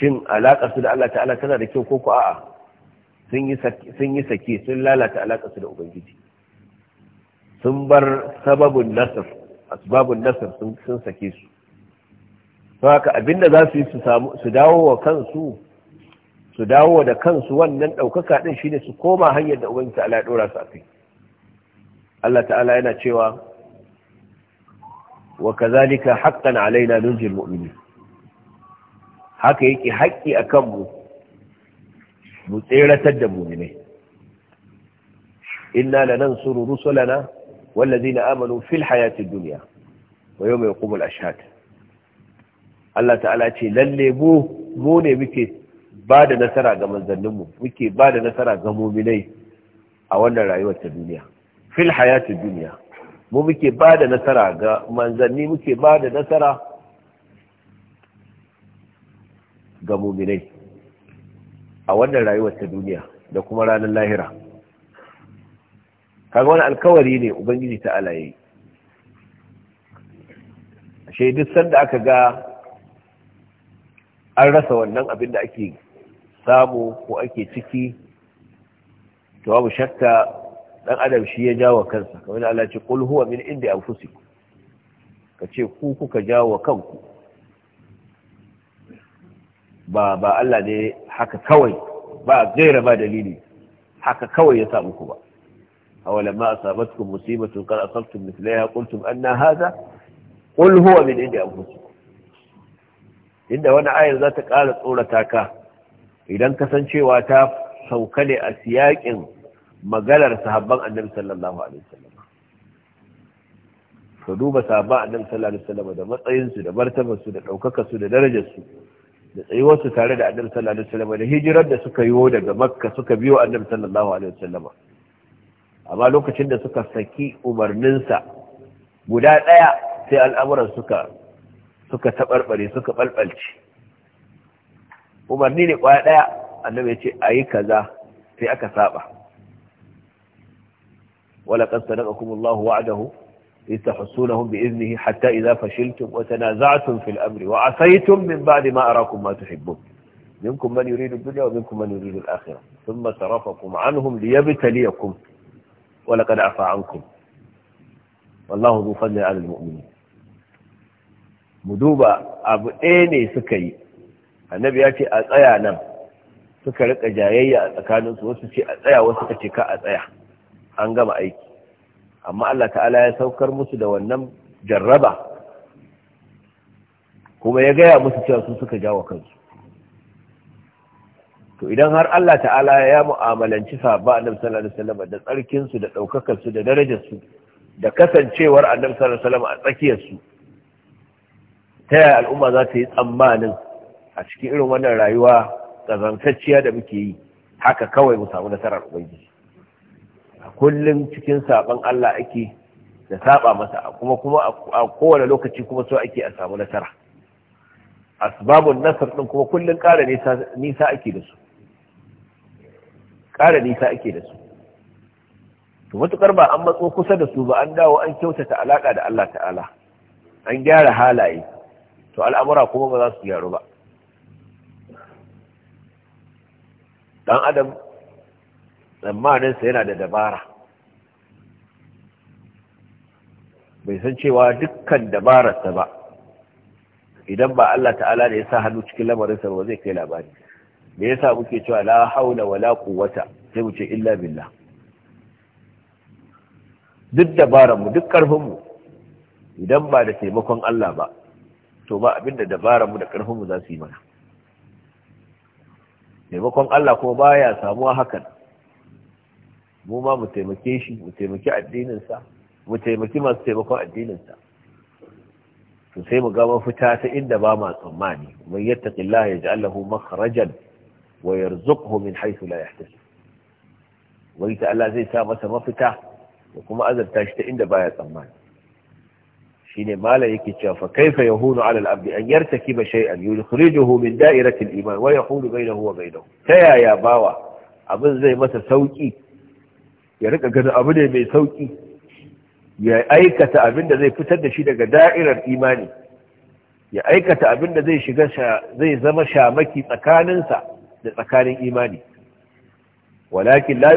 shin alaƙarsu su da Allah ta'ala tana da kyau ko ko a'a sun yi sake sun lalata alaƙarsu su da ubangiji sun bar sababin nasar, asbabun nasar sun sake su to haka abinda za su yi su dawo wa kansu su dawo da kansu wannan ɗaukaka ɗin shine su koma hanyar da ubangiji ta'ala ya ɗora su a kai Allah ta'ala yana cewa wa kazalika haƙƙan alaina nunjil mumini haka yake haƙƙi a mu mu tseratar da mu'minai inna lanansuru rusulana wallazina amanu fil hayatin duniya. wa yawma yaqumul ashhad Allah ta'ala ce lalle mu mu ne muke ba da nasara ga manzanninmu muke ba da nasara ga muminai a wannan rayuwar ta duniya fil hayati duniya mu muke ba da nasara ga manzanni muke ba da nasara ga muminai a wannan rayuwar ta duniya da kuma ranar lahira kaga wani alkawari ne ubangiji ta'ala yayi shi duk sanda aka ga an rasa wannan abin da ake samu ko ake ciki to babu shakka dan adam shi ya jawo kansa kamar da Allah ce qul huwa min indi anfusikum kace ku kuka jawo kanku ba ba Allah ne haka kawai ba gaira ba dalili haka kawai ya samu ku ba أولما asabatkum musibatu قد asabtum mithlaha qultum anna hadha qul huwa min indi أنفسكم inda wani ayar za ta ƙara tsorata ka idan kasancewa ta sauka ne a siyaƙin maganar sahabban annabi sallallahu alaihi wasallam ka duba sahabban annabi sallallahu alaihi wasallam da matsayinsu da martabarsu da ɗaukakarsu da darajarsu da tsayuwarsu tare da annabi sallallahu alaihi wasallam da hijirar da suka yiwo daga makka suka biyo annabi sallallahu alaihi wasallam amma lokacin da suka saki umarninsa guda ɗaya sai al'amuran suka suka taɓarɓare suka ɓalɓalce umarni ne ƙwaya ɗaya annabi ya ce a yi kaza sai aka saba ولقد صدقكم الله وعده إذ تحسونهم بإذنه حتى إذا فشلتم وتنازعتم في الأمر وعصيتم من بعد ما أراكم ما تحبون منكم من يريد الدنيا ومنكم من يريد الآخرة ثم صرفكم عنهم ليبتليكم ولقد عفى عنكم والله ذو فضل على المؤمنين mu duba abu ɗaya ne suka yi annabi ya ce a tsaya nan suka rika jayayya a tsakaninsu wasu ce a tsaya wasu ka ce ka a tsaya an gama aiki amma Allah ta'ala ya saukar musu da wannan jarraba kuma ya gaya musu cewa su suka jawo kansu to idan har Allah ta'ala ya mu'amalanci sahabba annabi sallallahu alaihi wasallam da tsarkin su da daukakar su da darajar su da kasancewar annabi sallallahu alaihi wasallam a tsakiyar su ta yaya al'umma za ta yi tsammanin a cikin irin wannan rayuwa tsazantacciya da muke yi haka kawai mu samu nasarar ubangiji a kullum cikin saban Allah ake da saba masa kuma kuma a kowane lokaci kuma so ake a samu nasara asbabun nasar din kuma kullum ƙara nisa ake da su kara nisa ake da su to matukar ba an matso kusa da su ba an dawo an kyautata alaka da Allah ta'ala an gyara halaye to al'amura kuma ba za su gyaru ba dan adam tsammaninsa yana da dabara bai san cewa dukkan dabararsa ba idan ba Allah ta'ala da ya sa hannu cikin lamarinsa ba zai kai labari me yasa muke cewa la haula wala quwwata sai mu ce illa billah duk dabaran duk karfin mu idan ba da taimakon Allah ba to ba abinda dabarar mu da karfin mu za su yi mana taimakon Allah ko baya samuwa hakan mu ma mu taimake shi mu taimaki addinin sa mu taimaki masu taimakon addinin sa to sai mu ga mafita ta inda ba ma tsammani man yattaqillaha yaj'al lahu makhrajan wa yarzuqhu min haythu la yahtasib wai ta Allah zai sa masa mafita da kuma azabta shi ta inda baya tsammani Shin malai yake cewa fa kaifa yahunu ala al-abd an yartakiba shay'an yukhrijuhu min da'irati al-iman wa yahulu bainahu wa bainahu tayaya bawa abin zai masa sauki ya rika ganin abu ne mai sauki ya aikata abin da zai fitar da shi daga da'irar imani ya aikata abin da zai zama shamaki tsakaninsa da tsakanin imani walakin la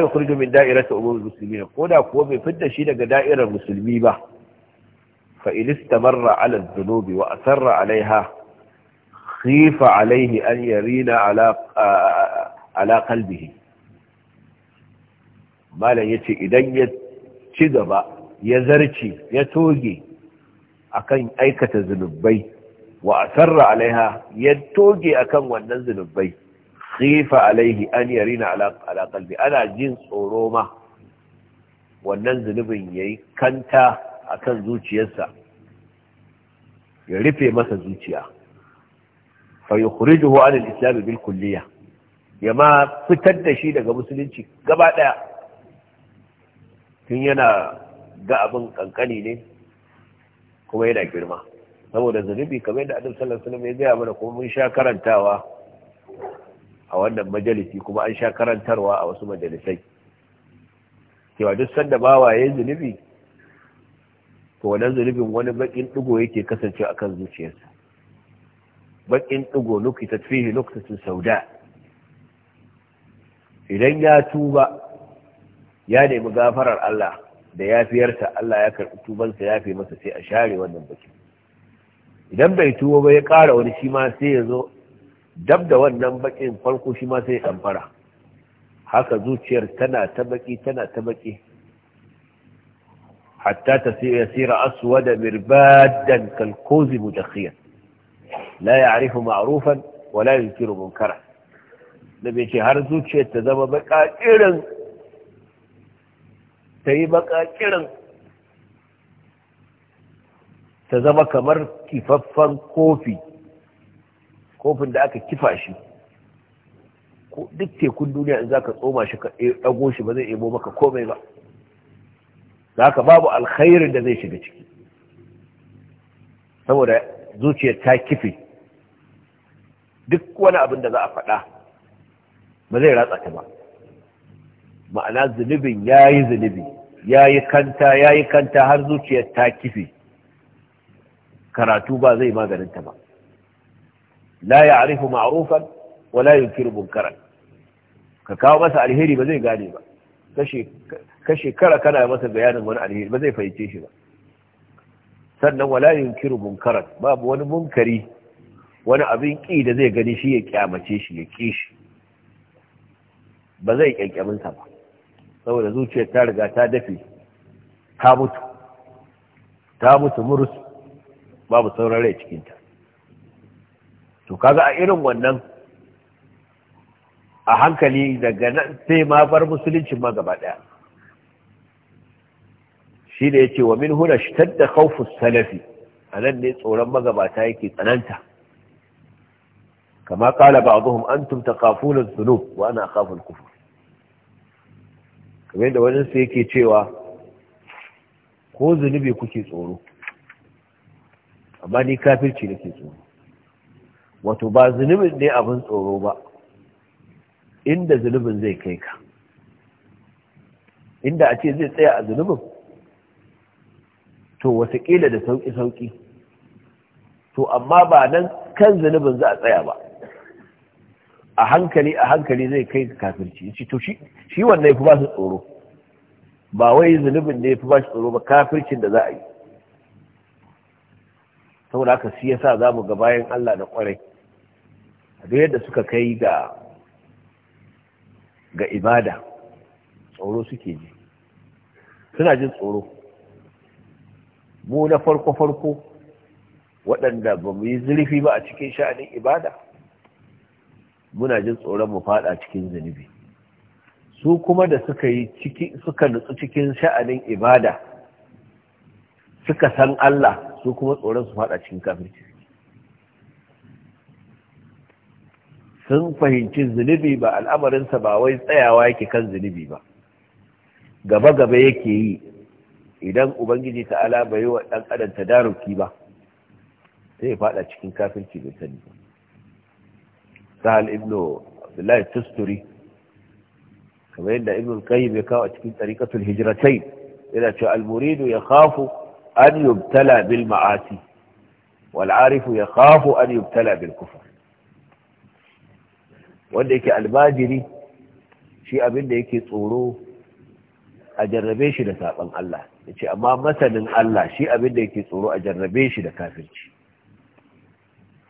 koda kuwa bai fitar da shi daga da'irar musulmi ba فإن استمر على الذنوب وأثر عليها خيف عليه أن يرين على على قلبه ما لا يتي إذن يتدب يزرتي يتوجي أكن أيكة ذنوبي وأثر عليها يتوجي أكن ونن ذنوبي خيف عليه أن يرين على على قلبه أنا جنس أوروما ونن ذنوبي يكنتا akan zuciyarsa ya rufe masa zuciya fa yukhrijuhu an al bil kulliya ya ma fitar da shi daga musulunci gaba ɗaya. tun yana ga abin kankani ne kuma yana girma saboda zunubi kamar yadda adam sallar alaihi wasallam ya gaya mana kuma mun sha karantawa a wannan majalisi kuma an sha karantarwa a wasu majalisai cewa duk sanda bawa yi zunubi to wannan zunubin wani bakin ɗigo yake kasance a kan zuciyarsa bakin ɗigo. nukita fihi nuktatu sauda idan ya tuba ya nemi gafarar Allah da yafiyarsa Allah ya karbi tubansa ya fi masa sai a share wannan bakin idan bai tuba ba ya ƙara wani shi ma sai ya zo dab da wannan bakin farko shi ma sai ya ɗamfara haka zuciyar tana ta baki tana ta baki Hatta حتى يسير أسود مربادا كالكوز مدخيا لا يعرف معروفا ولا ينكر منكرا nabi ce har zuciyar ta zama bakakirin ta yi bakakirin ta zama kamar kifaffen kofi kofin da aka kifa shi duk tekun duniya in za ka tsoma shi ka ɗago shi ba zai ebo maka komai ba zaka babu alkhairin da zai shiga ciki saboda zuciyar ta kife duk wani abin da za a faɗa ba zai ratsa ta ba ma'ana zunubin ya yi zunubi ya yi kanta ya kanta har zuciyar ta kife karatu ba zai maganinta ba la ya arifu ma'arufan wala yunkiru munkaran ka kawo masa alheri ba zai gane ba ka shekara kana masa bayanin wani alheri ba zai fahimce shi ba sannan wala yunkiru munkara babu wani munkari wani abin ki da zai gani shi ya kyamace shi ya ki shi ba zai kyankyamin sa ba saboda zuciyar ta riga ta dafe ta mutu ta mutu murus babu sauran rai cikinta to kaga a irin wannan a hankali daga nan sai ma bar musulunci ma gaba daya shi da ya ce wa min huna da kawfus salafi a nan ne tsoron magabata yake tsananta kama kala ba an tumta kafunan suno wa ana kafin kufu kufr kamar yadda wajen su yake cewa ko zunubi kuke tsoro amma ni kafirci nake tsoro wato ba zunubin ne abin tsoro ba inda zunubin zai kai ka inda a ce zai tsaya a zunubin to wataƙila da sauƙi-sauƙi to amma ba nan kan zunubin za a tsaya ba a hankali a hankali zai kai kafirci shi to shi wannan fi ba su tsoro ba wai zunubin ne fi ba shi tsoro ba kafircin da za a yi saboda haka shi yasa za mu ga bayan Allah da kwarai a duk yadda suka kai ga ga ibada tsoro suke ji suna jin tsoro mu na farko farko waɗanda ba mu yi zurfi ba a cikin sha'anin ibada muna jin tsoron mu fada cikin zunubi su kuma da suka yi ciki suka nutsu cikin sha'anin ibada suka san Allah su kuma tsoron su fada cikin kafirci sun fahimci zunubi ba al'amarinsa ba wai tsayawa yake kan zunubi ba gaba-gaba yake yi idan ubangiji ta'ala bai wa dan adam tadaruki ba sai ya fada cikin kafirci bai sani sahal ibnu abdullahi tusturi kamar yadda ibnu qayyim ya kawo cikin tariqatul hijratain yana cewa al-muridu yakhafu an yubtala bil ma'asi wal arifu khafu an yubtala bil kufr wanda yake albajiri shi abin da yake tsoro a jarrabe shi da saban Allah ya ce amma masanin Allah shi abin da yake tsoro a jarrabe shi da kafirci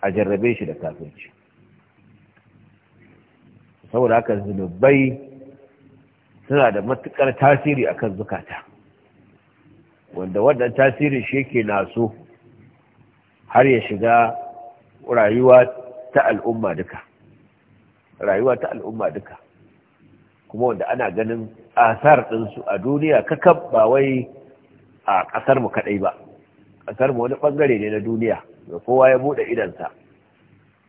a jarrabe shi da kafirci saboda haka zunubai suna da matukar tasiri akan zukata wanda wannan tasirin shi yake naso har ya shiga rayuwa ta al'umma duka rayuwa ta al'umma duka kuma wanda ana ganin asar ɗinsu a duniya kakab ba wai a ƙasar mu kaɗai ba ƙasarmu wani ɓangare ne na duniya da kowa ya buɗe idansa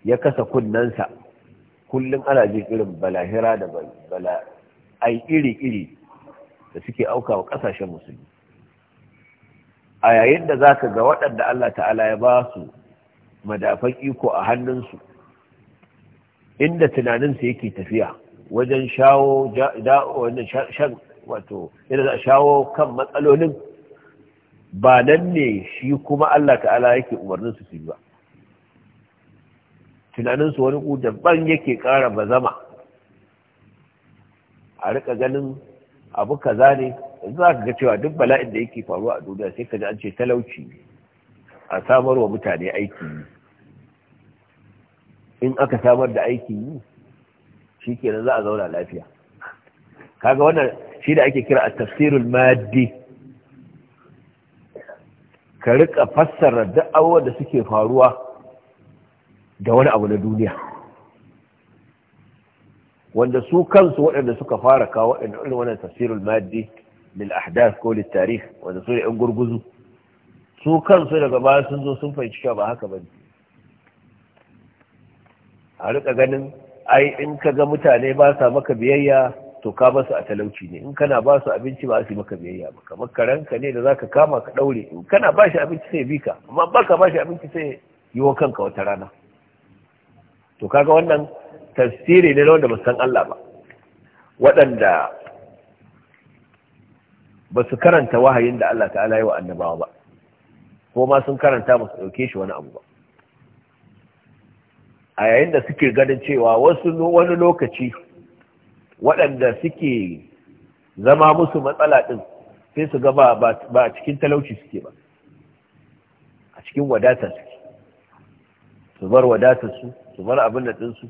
ya kasa sa kullum ana jin irin balahira da bala ai iri-iri da suke auka wa ƙasashen musulmi a yayin da za ka ga waɗanda Allah ta'ala ya ba su madafan iko a hannun su, inda tunaninsu yake tafiya wajen shawo wannan shan wato yana shawo kan matsalolin ba nan ne shi kuma Allah ta'ala yake umarnin su ba tunanin su wani ku daban yake ƙara bazama a rika ganin abu kaza ne za ka ga cewa duk bala'in da yake faruwa a duniya sai ka ji an ce talauci a samar wa mutane aiki in aka samar da aiki yi shi kenan za a zauna lafiya kaga wannan shi da ake kira a tafsirul maddi ka rika fassara da'awa da suke faruwa da wani abu na duniya wanda su kansu waɗanda suka fara kawo waɗanda irin wannan tafsirul maddi lil ahdath ko lil tarih wanda su ne yan gurguzu su kansu daga ba sun zo sun fahimci cewa ba haka bane a rika ganin ai in ka ga mutane ba sa maka biyayya to ka basu a talauci ne in kana ba su abinci ba su maka biyayya ba kamar karanka ne da zaka kama ka daure in kana ba shi abinci sai bi ka amma ba ka ba shi abinci sai yi wa kanka wata rana to kaga wannan tafsiri ne na wanda ba san Allah ba waɗanda ba su karanta wahayin da Allah ta'ala yi wa annabawa ba ko ma sun karanta ba su ɗauke shi wani abu ba a yayin da suke ganin cewa wasu wani lokaci waɗanda suke zama musu matsala ɗin sai su ga ba a cikin talauci suke ba a cikin wadata suke su bar wadatarsu su bar abin da ɗinsu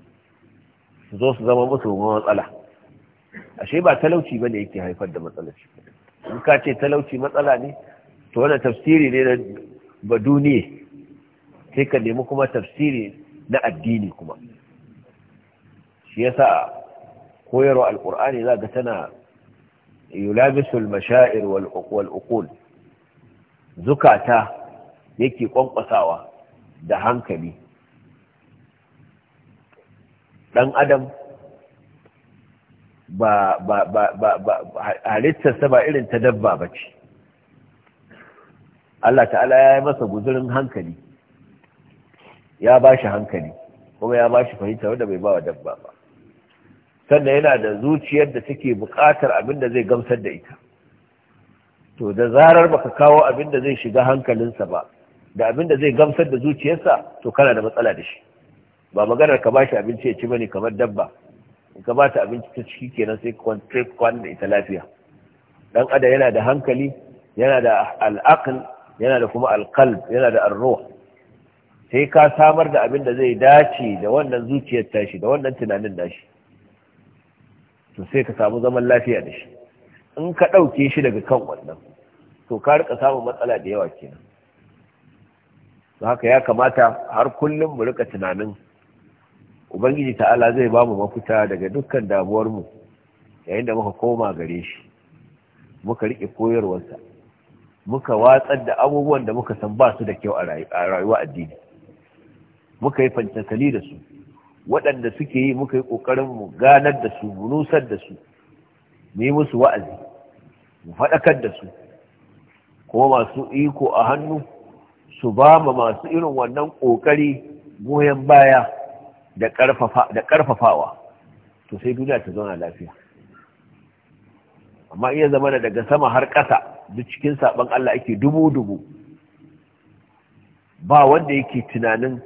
su zo su zama musu matsala ashe ba talauci ba ne yake haifar da matsala shi in ka ce talauci matsala ne to wani tafsiri ne na ba duniya sai ka nemi kuma tafsiri na addini kuma shi yasa koyarwa alkur'ani za ga tana yulabisul mashair wal uqul zukata yake kwankwasawa da hankali dan adam ba ba ba ba halittarsa ba irin ta dabba ce. Allah ta'ala ya yi masa guzurin hankali ya ba shi hankali kuma ya ba shi fahimta wanda bai ba wa dabba ba sannan yana da zuciyar da take buƙatar abin da zai gamsar da ita to da zarar baka kawo abin da zai shiga hankalinsa ba da abin da zai gamsar da zuciyarsa to kana da matsala da shi ba maganar ka bashi abinci ya ci bane kamar dabba in ka bata abinci ta ciki kenan sai kwantar kwan da ita lafiya dan ada yana da hankali yana da al'aql yana da kuma alqalb yana da arruh sai ka samar da abin da zai dace da wannan zuciyar tashi da wannan tunanin nashi to sai ka samu zaman lafiya da shi in ka ɗauke shi daga kan wannan to ka rika samun matsala da yawa kenan to haka ya kamata har kullum mu rika tunanin ubangiji ta'ala zai ba mu mafita daga dukkan damuwarmu yayin da muka koma gare shi muka rike koyarwarsa muka watsar da abubuwan da muka san ba su da kyau a rayuwa addini muka yi fantasali da su waɗanda suke yi muka yi ƙoƙarin mu ganar da su mu nusar da su mu yi musu wa'azi mu faɗakar da su kuma masu iko a hannu su ba ma masu irin wannan ƙoƙari goyon baya da ƙarfafawa to sai duniya ta zauna lafiya amma iya zama daga sama har ƙasa duk cikin saɓon Allah ake dubu-dubu ba wanda yake tunanin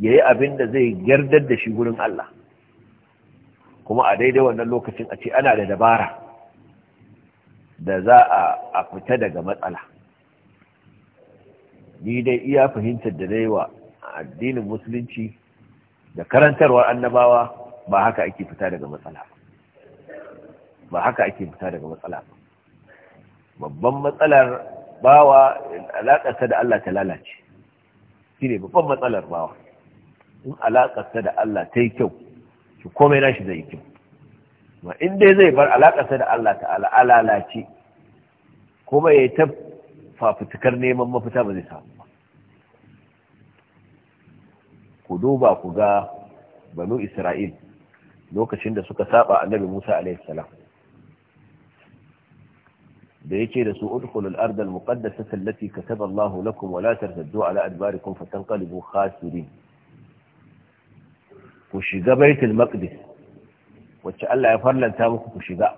ya yi abin da zai yardar da shi gurin Allah kuma a daidai wannan lokacin a ce ana da dabara da za a fita daga matsala ni dai iya fahimtar da yi wa addinin musulunci da karantarwar annabawa ba haka ake fita daga matsala ba haka ake fita daga matsala babban matsalar bawa alaƙarsa da Allah ta lalace shi ne babban matsalar bawa in alaƙarsa da Allah ta yi kyau shi komai nashi zai yi kyau ma in dai zai bar alaƙarsa da Allah ta alalace kuma ya ta fafutukar neman mafita ba zai samu ba ku duba ku ga banu isra'il lokacin da suka saba annabi musa alaihi da yake da su udkhulul ardal muqaddasa allati kataba Allahu lakum wa la tartaddu ala adbarikum fatanqalibu khasirin ku shiga baitul maqdis wacce Allah ya farlanta muku ku shiga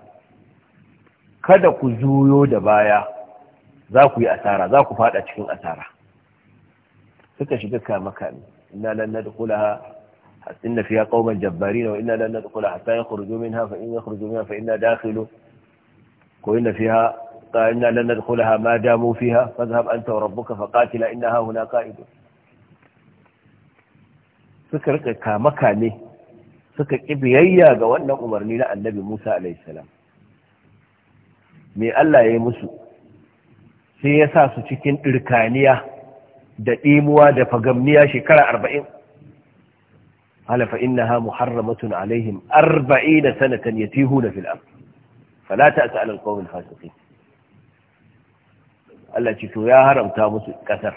kada ku juyo da baya za ku yi asara za ku fada cikin asara suka shiga kama kame inna lan nadkhulaha inna fiha qauman jabbarin wa inna lan nadkhulaha hatta yakhruju minha fa in yakhruju minha fa inna dakhilu ko inna fiha inna قال إنا لن ندخلها ما داموا anta wa rabbuka fa qatila innaha hunaka qa'idun suka rika kama kame suka ƙi biyayya ga wannan umarni na annabi Musa alaihissalam me Allah ya yi musu sai ya sa su cikin ɗirkaniya da ɗimuwa da fagamniya shekara arba'in halafa innaha muharramatun alaihim arba'ina sanatan yatihuna fil ardh fala ta'sa 'ala al-qawmi al-fasiqin Allah ce to ya haramta musu ƙasar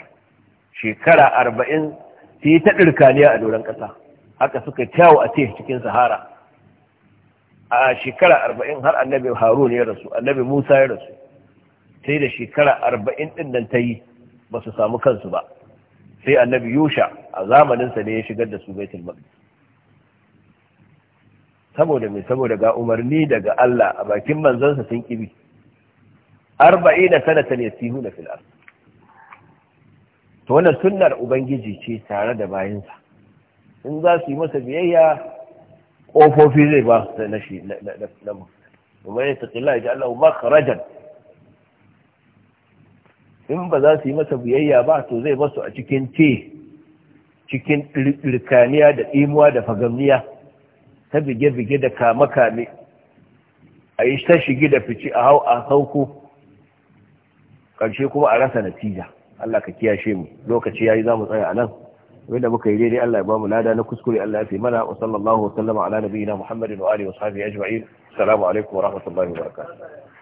shekara arba'in sai taɗin ɗirkaniya a doron ƙasa haka suka kyawo a ce cikin sahara a shekara arba'in har annabi harun ya rasu annabi musa ya rasu sai da shekara arba'in ɗin nan ta yi ba su samu kansu ba sai annabi yusha a zamaninsa ne ya shigar da su baitul maqdis saboda mai saboda ga umarni daga Allah a bakin manzansa sun kibi arba'ina sanatan yasihuna fil ardh to wannan sunnar ubangiji ce tare da bayinsa in za su yi masa biyayya ƙofofi zai ba su na shi na mu kuma ya taƙi Allah ji Allah makharajan in ba za su yi masa biyayya ba to zai basu a cikin ce cikin rikaniya da imuwa da fagamniya ta bige-bige da kame-kame a yi ta shigi da fici a hau a sauko ƙarshe kuma a rasa natija Allah ka kiyashe mu lokaci yayi zamu tsaya anan wanda muka yi dai Allah ya bamu lada na kuskure Allah ya fi mana wa sallallahu wa sallama ala nabiyina Muhammadin wa alihi wa sahbihi ajma'in assalamu alaikum wa rahmatullahi wa barakatuh